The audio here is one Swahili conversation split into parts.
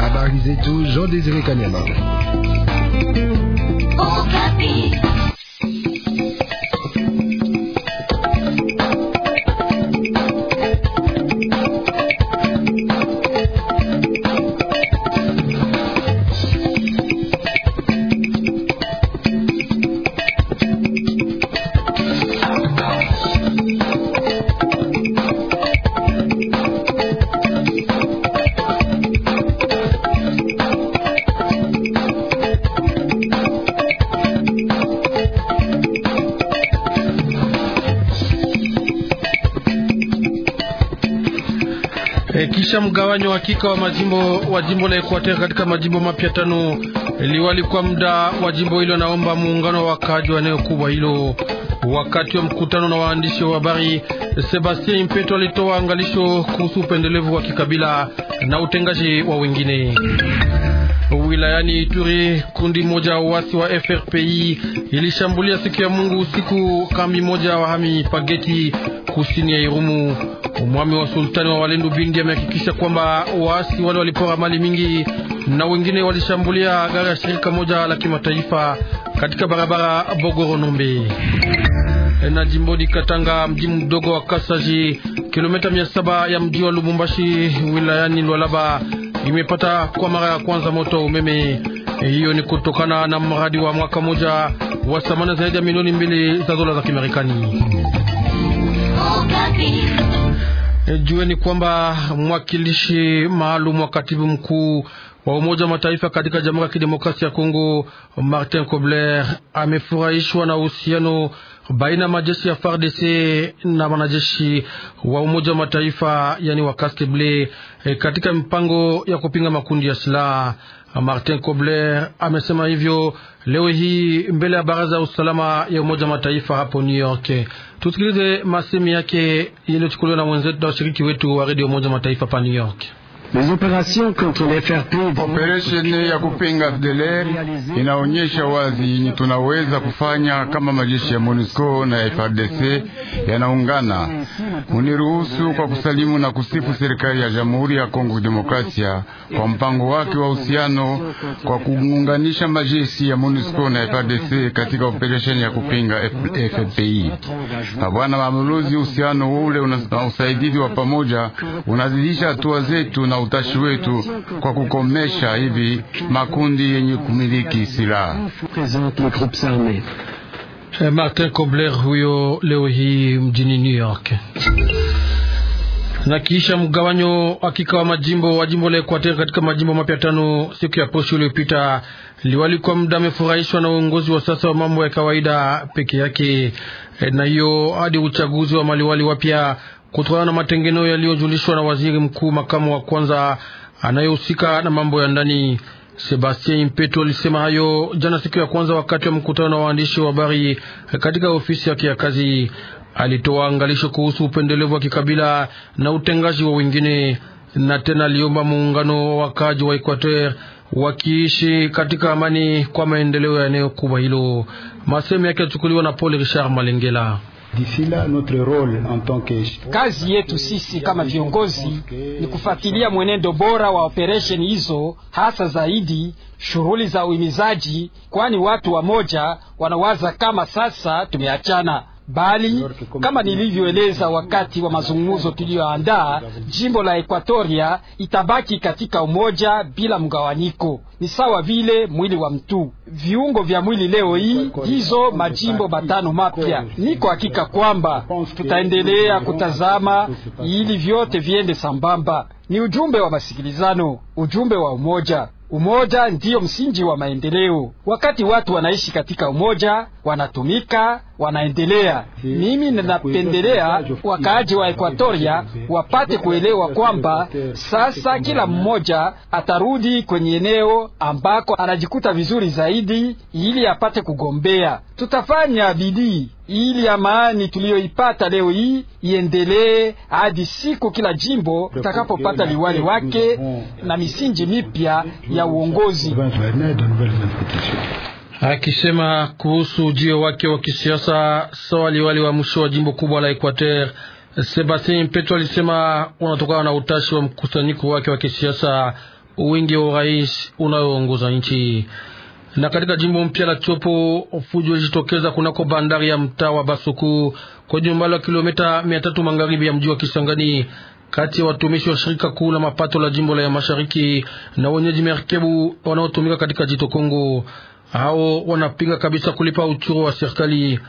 Habari zetu Jean Desire Kanyama. E, kisha mgawanyo hakika wa majimbo wa jimbo la Equateur katika majimbo mapya tano, liwali kwa muda wa jimbo hilo anaomba muungano wa wakaaji wa eneo kubwa hilo. Wakati wa mkutano na waandishi wa habari, Sebastien Impeto alitoa angalisho kuhusu upendelevu wa kikabila na utengaji wa wengine wilayani Ituri, kundi moja wasi wa FRPI ilishambulia siku ya Mungu usiku kambi moja wahami Pageti kusini ya Irumu. Mwami wa sultani wa Walendu Bindi amehakikisha kwamba waasi wale walipora mali mingi na wengine walishambulia gari ya shirika moja la kimataifa katika barabara Bogoro Nombe. Na jimboni Katanga, mji mdogo wa Kasaji, kilomita mia saba ya mji wa Lubumbashi wilayani Lwalaba imepata kwa mara ya kwanza moto wa umeme. Eh, hiyo ni kutokana na mradi wa mwaka moja wa thamani zaidi ya milioni mbili za dola za Kimarekani. Eh, jueni kwamba mwakilishi maalum wa katibu mkuu wa Umoja wa Mataifa katika Jamhuri ya Kidemokrasia ya Kongo Martin Kobler amefurahishwa na uhusiano baina majeshi ya FARDC na wanajeshi wa Umoja wa Mataifa yani wa casque bleu eh, katika mpango ya kupinga makundi ya silaha. Martin Kobler amesema hivyo leo hii mbele ya baraza ya usalama ya Umoja wa Mataifa hapo New York. Tusikilize masemi yake yaliyochukuliwa na mwenzetu na washiriki wetu wa redio Umoja wa Mataifa pa New York. Operesheni ya kupinga FDLR inaonyesha wazi yenye tunaweza kufanya kama majeshi ya MONUSCO na frdc yanaungana. Muniruhusu kwa kusalimu na kusifu serikali ya Jamhuri ya Kongo Demokrasia kwa mpango wake wa uhusiano kwa kuunganisha majeshi ya MONUSCO na FARDC katika operesheni ya kupinga FPI. Na bwana mabalozi, uhusiano ule na usaidizi wa pamoja unazidisha hatua zetu na utashi wetu kwa kukomesha hivi makundi yenye kumiliki silaha. Eh, Martin Kobler huyo leo hii mjini New York. Na kisha mgawanyo hakika wa majimbo wa jimbo la Equateur katika majimbo mapya tano siku ya posho iliyopita, liwali kwa muda amefurahishwa na uongozi wa sasa wa mambo ya kawaida peke yake, eh, na hiyo hadi uchaguzi wa maliwali wapya kutokana na matengeneo yaliyojulishwa na waziri mkuu makamu wa kwanza anayehusika na mambo ya ndani. Sebastien Impeto alisema hayo jana siku ya kwanza wakati wa mkutano na waandishi wa habari katika ofisi yake ya kazi. Alitoa angalisho kuhusu upendelevu wa kikabila na utengaji wa wengine, na tena aliomba muungano wa wakaji wa Equateur wakiishi katika amani kwa maendeleo ya eneo kubwa hilo. Masemo yake yachukuliwa na Paul Richard Malengela. Kazi yetu sisi kama viongozi ni kufuatilia mwenendo bora wa operesheni hizo, hasa zaidi shughuli za uhimizaji, kwani watu wa moja wanawaza kama sasa tumeachana bali kama nilivyoeleza wakati wa mazungumzo tuliyoandaa, jimbo la Ekuatoria itabaki katika umoja bila mgawanyiko. Ni sawa vile mwili wa mtu, viungo vya mwili leo hii, hizo majimbo matano mapya. Niko hakika kwamba tutaendelea kutazama ili vyote viende sambamba. Ni ujumbe wa masikilizano, ujumbe wa umoja. Umoja ndiyo msingi wa maendeleo. Wakati watu wanaishi katika umoja, wanatumika wanaendelea. Mimi ninapendelea wakaaji wa Ekuatoria wapate kuelewa kwamba sasa kila mmoja atarudi kwenye eneo ambako anajikuta vizuri zaidi, ili apate kugombea. Tutafanya bidii ili amani tuliyoipata leo hii iendelee hadi siku kila jimbo takapopata liwali wake na misingi mipya ya uongozi akisema kuhusu ujio wake wa kisiasa sawa liwali wa mwisho wa jimbo kubwa la Equateur. Sebastien Petro alisema unatokana na utashi wa mkusanyiko wake wa kisiasa wingi wa urais unayoongoza nchi. Na katika jimbo mpya la Chopo, fujo ilijitokeza kunako bandari ya mtaa wa Basuku kwenye umbali wa kilomita mia tatu magharibi ya mji wa Kisangani, kati ya watumishi wa shirika kuu la mapato la jimbo la ya mashariki na wenyeji merkebu wanaotumika katika jito Kongo hao wanapinga kabisa kulipa uchuru wa serikali.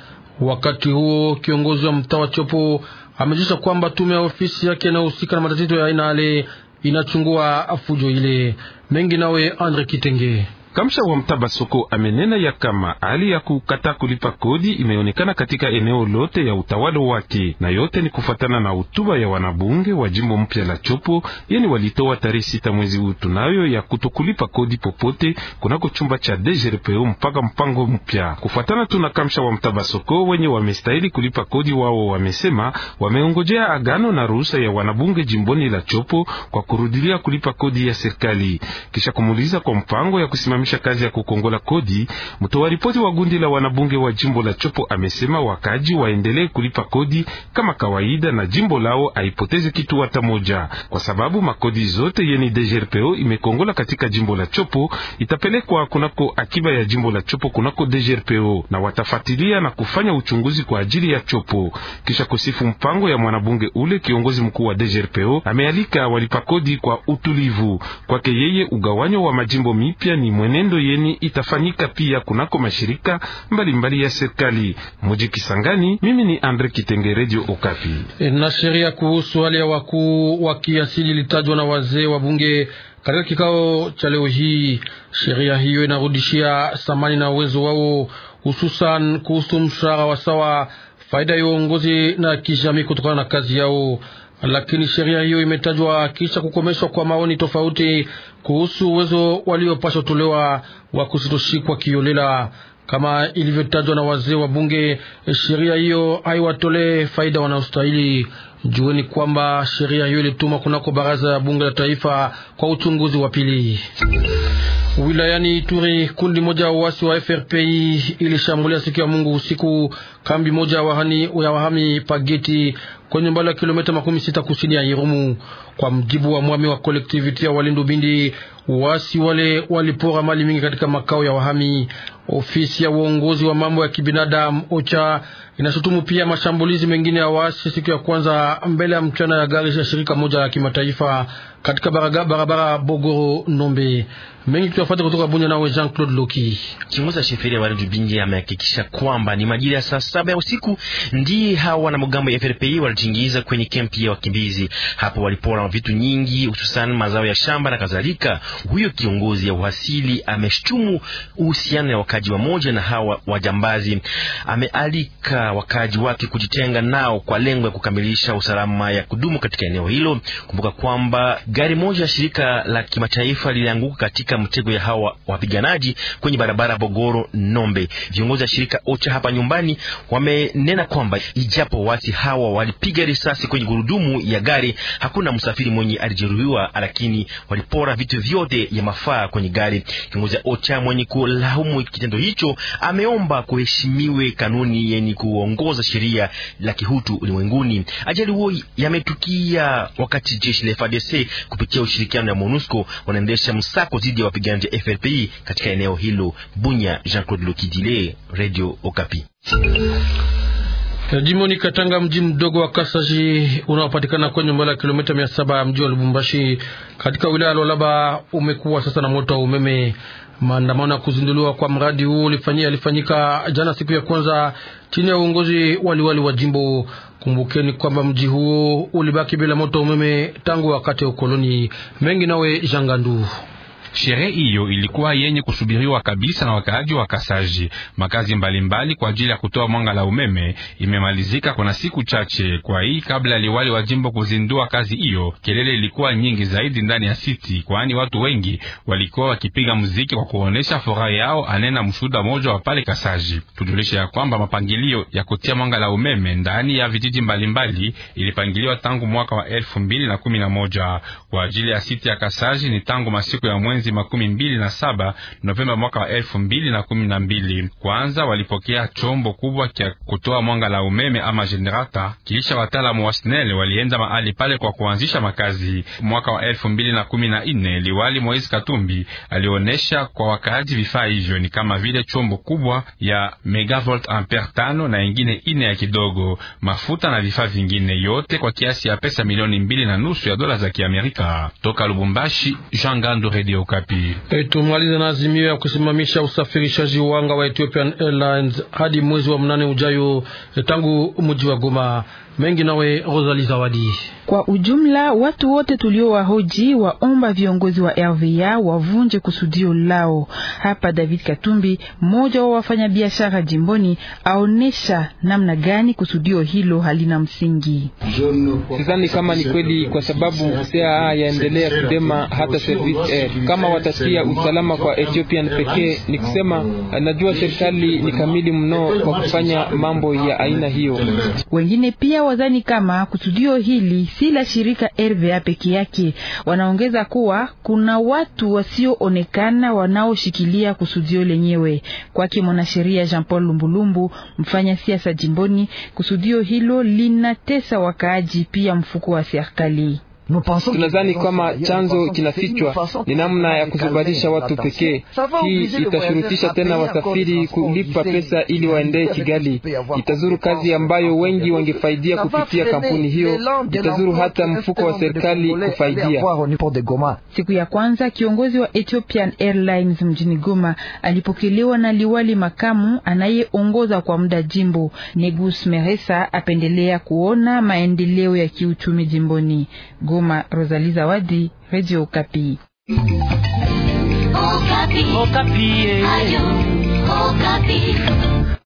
Wakati huo kiongozi wa mtaa wa Chopo amejulisha kwamba tume ya ofisi yake inayohusika na matatizo ya aina ale inachungua fujo ile mengi. Nawe Andre Kitenge. Kamsha wa mtaba soko amenena ya kama hali ya kukata kulipa kodi imeonekana katika eneo lote ya utawala wake, na yote ni kufatana na hotuba ya wanabunge wa jimbo mpya la Chopo yeni walitoa tarehe sita mwezi huu nayo ya kutokulipa kodi popote kunako chumba cha DGRPO mpaka mpango mpya. Kufatana na Kamsha wa mtaba soko, wenye wamestahili kulipa kodi wao wamesema wameongojea agano na ruhusa ya wanabunge jimboni la Chopo kwa kurudilia kulipa kodi ya serikali kisha kumuliza kwa mpango ya kusimamisha kukomesha kazi ya kukongola kodi. Mtoa ripoti wa gundi la wanabunge wa jimbo la Chopo amesema wakaji waendelee kulipa kodi kama kawaida na jimbo lao haipoteze kitu hata moja, kwa sababu makodi zote yeni DGRPO imekongola katika jimbo la Chopo itapelekwa kunako akiba ya jimbo la Chopo kunako DGRPO na watafatilia na kufanya uchunguzi kwa ajili ya Chopo. Kisha kusifu mpango ya mwanabunge ule, kiongozi mkuu wa DGRPO amealika walipa kodi kwa utulivu. Kwake yeye ugawanyo wa majimbo mipya ni mwenye mwenendo yeni itafanyika pia kunako mashirika mbalimbali mbali ya serikali muji Kisangani. Mimi ni Andre Kitenge, Radio Okapi. E, na sheria kuhusu hali ya wakuu wa kiasili ilitajwa na wazee wa bunge katika kikao cha leo hii. Sheria hiyo inarudishia thamani na uwezo wao, hususan kuhusu mshahara wa sawa, faida ya uongozi na kijamii kutokana na kazi yao. Lakini sheria hiyo imetajwa kisha kukomeshwa kwa maoni tofauti kuhusu uwezo waliopaswa tolewa wa kusitoshikwa kiolela kama ilivyotajwa na wazee wa bunge. Sheria hiyo haiwatolee faida wanaostahili. Jueni kwamba sheria hiyo ilitumwa kunako baraza ya bunge la taifa kwa uchunguzi wa pili. Wilayani Ituri, kundi moja ya uasi wa FRPI ilishambulia siku ya Mungu usiku kambi moja ya wahami Pageti kwenye mbali wa kilomita makumi sita kusini ya Irumu. Kwa mjibu wa mwami wa kolektiviti ya Walindu Bindi, uasi wale walipora mali mingi katika makao ya wahami. Ofisi ya uongozi wa mambo ya kibinadamu OCHA inashutumu pia mashambulizi mengine ya waasi siku ya kwanza mbele ya mchana ya gari ya shirika moja la kimataifa katika barabara Bogoro Nombe. Mengi tuyafuate kutoka Bunya, nawe Jean Claude Loki. Kiongozi sheferi ya Walendu Binge amehakikisha kwamba ni majira ya saa saba ya usiku ndiye hawa wanamgambo ya FRPI walijiingiza kwenye kempi ya wakimbizi. Hapo walipora vitu nyingi, hususan mazao ya shamba na kadhalika. Huyo kiongozi ya uhasili ameshtumu uhusiano ya wakaji wamoja na hawa wajambazi. Amealika wakaji wake kujitenga nao kwa lengo ya kukamilisha usalama ya kudumu katika eneo hilo. Kumbuka kwamba Gari moja ya shirika la kimataifa lilianguka katika mtego ya hawa wapiganaji kwenye barabara Bogoro Nombe. Viongozi wa shirika OCHA hapa nyumbani wamenena kwamba ijapo wasi hawa walipiga risasi kwenye gurudumu ya gari, hakuna msafiri mwenye alijeruhiwa, lakini walipora vitu vyote ya mafaa kwenye gari. Kiongozi wa OCHA mwenye kulaumu kitendo hicho ameomba kuheshimiwe kanuni yenye kuongoza sheria la kihutu ulimwenguni. Ajali huo yametukia wakati jeshi la FARDC kupitia ushirikiano ya MONUSCO wanaendesha msako dhidi ya wapiganaji wa frpi katika eneo hilo. Bunya, Jean Claude Lokidile, Radio Okapi. ni Katanga, mji mdogo wa Kasaji unaopatikana kwenye umbali wa kilomita mia saba ya mji wa Lubumbashi katika wilaya ya Lualaba umekuwa sasa na moto wa umeme. Maandamano ya kuzinduliwa kwa mradi huu yalifanyika jana siku ya kwanza chini ya uongozi waliwali wa jimbo Kumbukeni kwamba mji huo ulibaki bila moto umeme tangu wakati wa ukoloni. Mengi nawe Jangandu Sherehe hiyo ilikuwa yenye kusubiriwa kabisa na wakaaji wa Kasaji. Makazi mbalimbali mbali kwa ajili ya kutoa mwanga la umeme imemalizika kuna siku chache. Kwa hii kabla liwali wa jimbo kuzindua kazi hiyo, kelele ilikuwa nyingi zaidi ndani ya siti, kwani watu wengi walikuwa wakipiga muziki kwa kuonesha furaha yao, anena mshuda mmoja wa pale Kasaji. Tujulishe ya kwamba mapangilio ya kutia mwanga la umeme ndani ya vijiji mbalimbali mbali, ilipangiliwa tangu mwaka wa elfu mbili na kumi na moja kwa ajili ya siti ya Kasaji ni tangu masiku ya mwezi mwezi makumi mbili na saba Novemba mwaka wa elfu mbili na kumi na mbili. Kwanza walipokea chombo kubwa kya kutoa mwanga la umeme ama generata, kilisha wataalamu wa SNEL walienda mahali pale kwa kuanzisha makazi. Mwaka wa elfu mbili na kumi na nne liwali Moise Katumbi alionesha kwa wakaaji vifaa hivyo ni kama vile chombo kubwa ya megavolt ampere tano na ingine ine ya kidogo, mafuta na vifaa vingine, yote kwa kiasi ya pesa milioni mbili na nusu ya dola za Kiamerika. Toka Lubumbashi, Jean Gandu, Radio Okapi. Eh, tumalize na azimio ya kusimamisha usafirishaji wanga wa Ethiopian Airlines hadi mwezi wa mnane ujayo eh, tangu mji wa Goma. Mengi nawe rosali Zawadi. Kwa ujumla watu wote tuliowahoji waomba viongozi wa RVA wavunje kusudio lao. Hapa David Katumbi, mmoja wa wafanyabiashara jimboni, aonesha namna gani kusudio hilo halina msingi. Sidhani kama ni kweli, kwa sababu CAA yaendelea kudema hata service eh, air kama watatia usalama kwa Ethiopian pekee. Ni kusema najua serikali ni kamili mno kwa kufanya mambo ya aina hiyo. Wengine pia wazani kama kusudio hili si la shirika RVA peke yake. Wanaongeza kuwa kuna watu wasioonekana wanaoshikilia kusudio lenyewe. Kwake mwanasheria Jean Paul Lumbulumbu, mfanya siasa jimboni, kusudio hilo linatesa wakaaji pia mfuko wa serikali. Tunadhani kwamba chanzo kinafichwa ni namna ya kuzubalisha watu pekee. Hii itashurutisha tena wasafiri kulipa pesa ili waendee Kigali, itazuru kazi ambayo wengi wangefaidia kupitia kampuni hiyo, itazuru hata mfuko wa serikali kufaidia. Siku ya kwanza kiongozi wa Ethiopian Airlines mjini Goma alipokelewa na liwali makamu anayeongoza kwa muda jimbo Negus Meresa, apendelea kuona maendeleo ya kiuchumi jimboni Goma. Goma, Rosalie Zawadi, Radio Okapi. Okapi. Okapi. Eh. Ayu, Okapi.